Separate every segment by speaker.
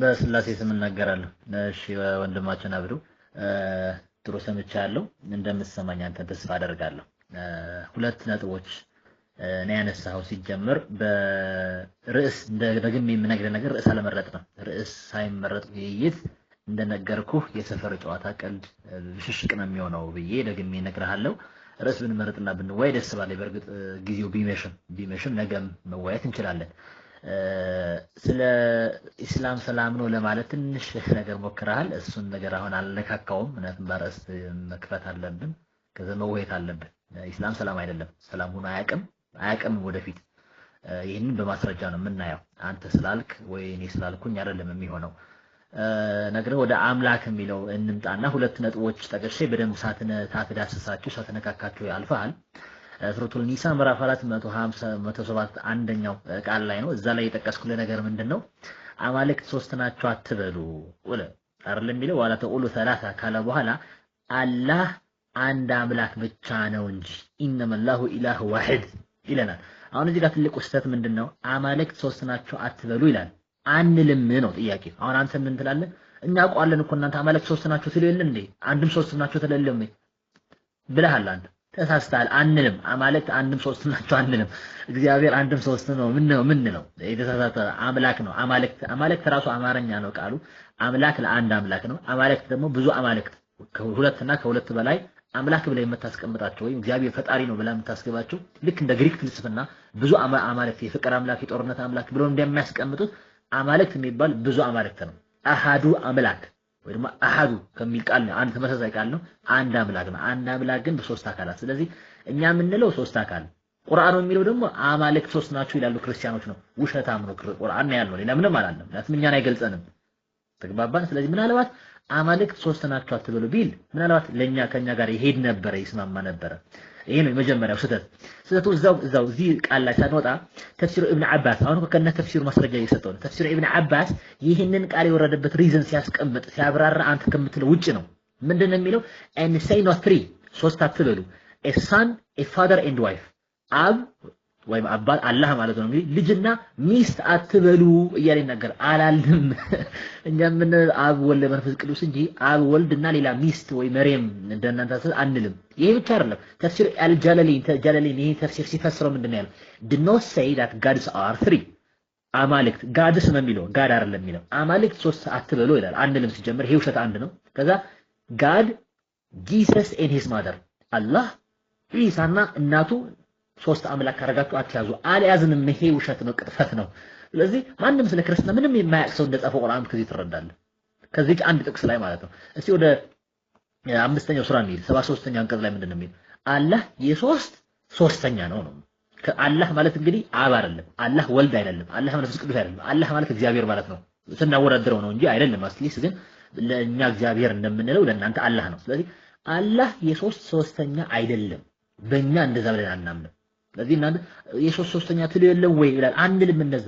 Speaker 1: በስላሴ ስም እናገራለሁ። እሺ ወንድማችን አብዱ ጥሩ ሰምቻ ያለው እንደምትሰማኝ አንተ ተስፋ አደርጋለሁ። ሁለት ነጥቦች እኔ ያነሳኸው ሲጀምር በርዕስ ደግሜ የምነግርህ ነገር ርዕስ አለመረጥ ነው። ርዕስ ሳይመረጥ ውይይት እንደነገርኩህ የሰፈር ጨዋታ ቀልድ ብሽሽቅ ነው የሚሆነው ብዬ ደግሜ እነግርሃለሁ። ርዕስ ብንመረጥና ብንወያይ ደስ ባለ። በእርግጥ ጊዜው ቢመሽም ቢመሽም ነገም መወያየት እንችላለን። ስለ ኢስላም ሰላም ነው ለማለት ትንሽ ነገር ሞክረሃል። እሱን ነገር አሁን አልነካካውም፣ ምክንያቱም በርዕስ መክፈት አለብን፣ ከዛ መወየት አለብን። ኢስላም ሰላም አይደለም፣ ሰላም ሆኖ አያውቅም፣ አያውቅም ወደፊት። ይህንን በማስረጃ ነው የምናየው። አንተ ስላልክ ወይ እኔ ስላልኩኝ አይደለም የሚሆነው ነገር። ወደ አምላክ የሚለው እንምጣና ሁለት ነጥቦች ጠቅሼ በደንብ ሳትዳስሳችሁ ሳትነካካችሁ አልፈሃል። ሱረቱል ኒሳ ምዕራፍ 4 157 አንደኛው ቃል ላይ ነው። እዛ ላይ የጠቀስኩልህ ነገር ምንድን ነው? አማልክት ሶስት ናቸው አትበሉ ወለ አይደለም የሚለው ዋላ ተቁሉ ሰላሳ ካለ በኋላ አላህ አንድ አምላክ ብቻ ነው እንጂ ኢነመላሁ ኢላህ ዋሂድ ይለናል። አሁን እዚህ ጋር ትልቁ ስህተት ምንድን ነው? አማልክት ሶስት ናቸው አትበሉ ይላል። አንልም ነው ጥያቄ። አሁን አንተ ምን ትላለህ? እኛ አውቀዋለን እኮ እናንተ አማልክት ሶስት ናቸው ትልል እንዴ? አንድም ሶስት ናቸው ትልልም ብለሃል አንተ ተሳስተሃል አንልም ማለት አንድም ሶስት ናቸው አንልም። እግዚአብሔር አንድም ሶስት ነው። ምን ነው ምን ነው የተሳሳተ አምላክ ነው። አማልክት አማልክት ራሱ አማርኛ ነው ቃሉ። አምላክ ለአንድ አምላክ ነው። አማልክት ደግሞ ብዙ አማልክት ከሁለት እና ከሁለት በላይ አምላክ ብላ የምታስቀምጣቸው ወይም እግዚአብሔር ፈጣሪ ነው ብላ የምታስገባቸው ልክ እንደ ግሪክ ፍልስፍና ብዙ አማልክት የፍቅር አምላክ፣ የጦርነት አምላክ ብሎ እንደሚያስቀምጡት አማልክት የሚባል ብዙ አማልክት ነው። አሃዱ አምላክ ወይ ደግሞ አሃዱ ከሚል ቃል ነው። አንድ ተመሳሳይ ቃል ነው። አንድ አምላክ ነው። አንድ አምላክ ግን በሶስት አካላት። ስለዚህ እኛ የምንለው ሶስት አካል ቁርአኑ የሚለው ደግሞ አማልክት ሶስት ናቸው ይላሉ ክርስቲያኖች ነው። ውሸታም ነው። ቁርአን ነው ያልነው ሌላ ምንም አላለም። ምክንያቱም እኛን አይገልጸንም። ተግባባን። ስለዚህ ምናልባት አማልክት ሶስት ናቸው አትበሉ ቢል ምናልባት ለኛ ከኛ ጋር ይሄድ ነበረ፣ ይስማማ ነበረ። ይሄ ነው የመጀመሪያው ስህተት። ስህተቱ እዛው እዛው እዚህ ቃል ላይ ሳንወጣ ተፍሲሩ ኢብኑ አባስ አሁን ከነ ተፍሲሩ ማስረጃ እየሰጠው ነው። ተፍሲሩ ኢብኑ አባስ ይህንን ቃል የወረደበት ሪዝን ሲያስቀምጥ ሲያብራራ አንተ ከምትለው ውጭ ነው። ምንድነው የሚለው? ኤን ሴይ ኖት ትሪ ሶስት አትበሉ ኤ ሳን ኤ ፋደር ኤንድ ዋይፍ አብ ወይም አባት አላህ ማለት ነው። እንግዲህ ልጅና ሚስት አትበሉ እያለ ይናገር አላልም። እኛ ምን አብ ወልድ መንፈስ ቅዱስ እንጂ አብ ወልድና ሌላ ሚስት ወይ መርየም እንደናንተ አንልም። ይሄ ብቻ አይደለም። ተፍሲር አልጃለሊን ተጃለሊን ይሄ ተፍሲር ሲፈስረው ምንድነው ያለው? did not ሴይ ዳት ጋድስ አር three አማልክት ጋድስ ነው የሚለው ጋድ አይደለም የሚለው አማልክት ሶስት አትበሉ ይላል። አንልም። ሲጀምር ይሄ ውሸት አንድ ነው። ከዛ ጋድ ጂሰስ ኤንድ ሂዝ ማደር አላህ ኢሳና እናቱ ሶስት አምላክ አረጋችሁ አትያዙ። አልያዝንም፣ ይሄ ውሸት ነው፣ ቅጥፈት ነው። ስለዚህ ማንም ስለ ክርስትና ምንም የማያውቅ ሰው እንደጻፈው ቁርአን ከዚህ ትረዳለህ። ከዚህ አንድ ጥቅስ ላይ ማለት ነው። እስቲ ወደ አምስተኛው ሱራ እንሂድ። 73ኛ አንቀጽ ላይ ምንድነው የሚል? አላህ የሶስት ሶስተኛ ነው ነው። አላህ ማለት እንግዲህ አብ አይደለም፣ አላህ ወልድ አይደለም፣ አላህ መንፈስ ቅዱስ አይደለም። አላህ ማለት እግዚአብሔር ማለት ነው። ስናወዳድረው ነው እንጂ አይደለም። አስሊስ ግን ለእኛ እግዚአብሔር እንደምንለው ለእናንተ አላህ ነው። ስለዚህ አላህ የሶስት ሶስተኛ አይደለም። በእኛ እንደዛ ብለን አናምንም። ስለዚህ እናንተ የሶስት ሶስተኛ ትል የለም ወይ ይላል። አንልም እነዛ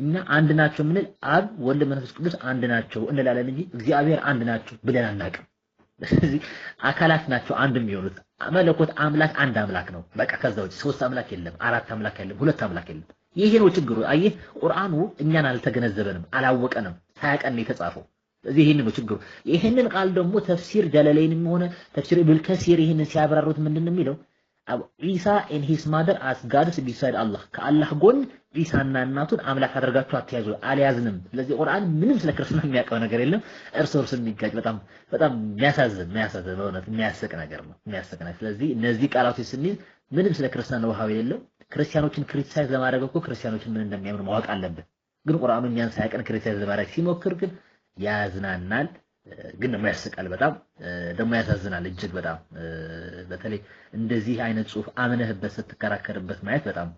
Speaker 1: እኛ አንድ ናቸው የምንል አብ ወልድ መንፈስ ቅዱስ አንድ ናቸው እንላለን እንጂ እግዚአብሔር አንድ ናቸው ብለን አናውቅም። ስለዚህ አካላት ናቸው አንድ የሚሆኑት። መለኮት አምላክ አንድ አምላክ ነው። በቃ ከዛ ውጭ ሶስት አምላክ የለም፣ አራት አምላክ የለም፣ ሁለት አምላክ የለም። ይሄ ነው ችግሩ። አየህ ቁርአኑ እኛን አልተገነዘበንም፣ አላወቀንም፣ ሳያቀን የተጻፈው። ስለዚህ ይሄን ነው ችግሩ። ይህንን ቃል ደግሞ ተፍሲር ጀለለይንም ሆነ ተፍሲር ኢብኑ ከሲር ይሄንን ሲያብራሩት ምንድን ነው የሚለው ኢሳ ኤን ሂስ ማደር አስ ጋድስ ቢሳይድ አላህ ከአላህ ጎን ኢሳና እናቱን አምላክ አድርጋችሁ አትያዙ፣ አልያዝንም። ስለዚህ ቁርአን ምንም ስለ ክርስትና የሚያውቀው ነገር የለም፣ እርስ እርስ የሚጋጭ በጣም በጣም የሚያሳዝን የሚያሳዝን በእውነት የሚያስቅ ነገር ነው፣ የሚያስቅ ነገር። ስለዚህ እነዚህ ቃላቶች ስንይዝ ምንም ስለ ክርስትና ነው ውሃው የሌለው። ክርስቲያኖችን ክሪቲሳይዝ ለማድረግ እኮ ክርስቲያኖችን ምን እንደሚያምኑ ማወቅ አለብን። ግን ቁርአኑ እኛን ሳያውቀን ክሪቲሳይዝ ለማድረግ ሲሞክር ግን ያዝናናል። ግን ደግሞ ያስቃል በጣም ደግሞ ያሳዝናል እጅግ በጣም በተለይ እንደዚህ አይነት ጽሁፍ አምነህበት ስትከራከርበት ማየት በጣም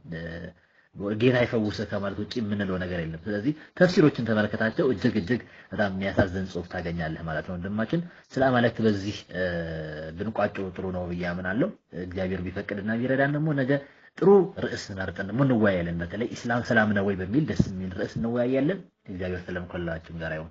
Speaker 1: ጌታ ይፈውሰ ከማለት ውጭ የምንለው ነገር የለም። ስለዚህ ተፍሲሮችን ተመለከታቸው። እጅግ እጅግ በጣም የሚያሳዝን ጽሁፍ ታገኛለህ ማለት ነው። ወንድማችን ስለ አማልክት በዚህ ብንቋጨው ጥሩ ነው ብዬ አምናለሁ። እግዚአብሔር ቢፈቅድና ቢረዳን ደግሞ ነገ ጥሩ ርዕስ መርጠን ደግሞ እንወያያለን። በተለይ ኢስላም ሰላም ነው ወይ በሚል ደስ የሚል ርዕስ እንወያያለን። እግዚአብሔር ሰላም ከሁላችንም ጋር ይሁን።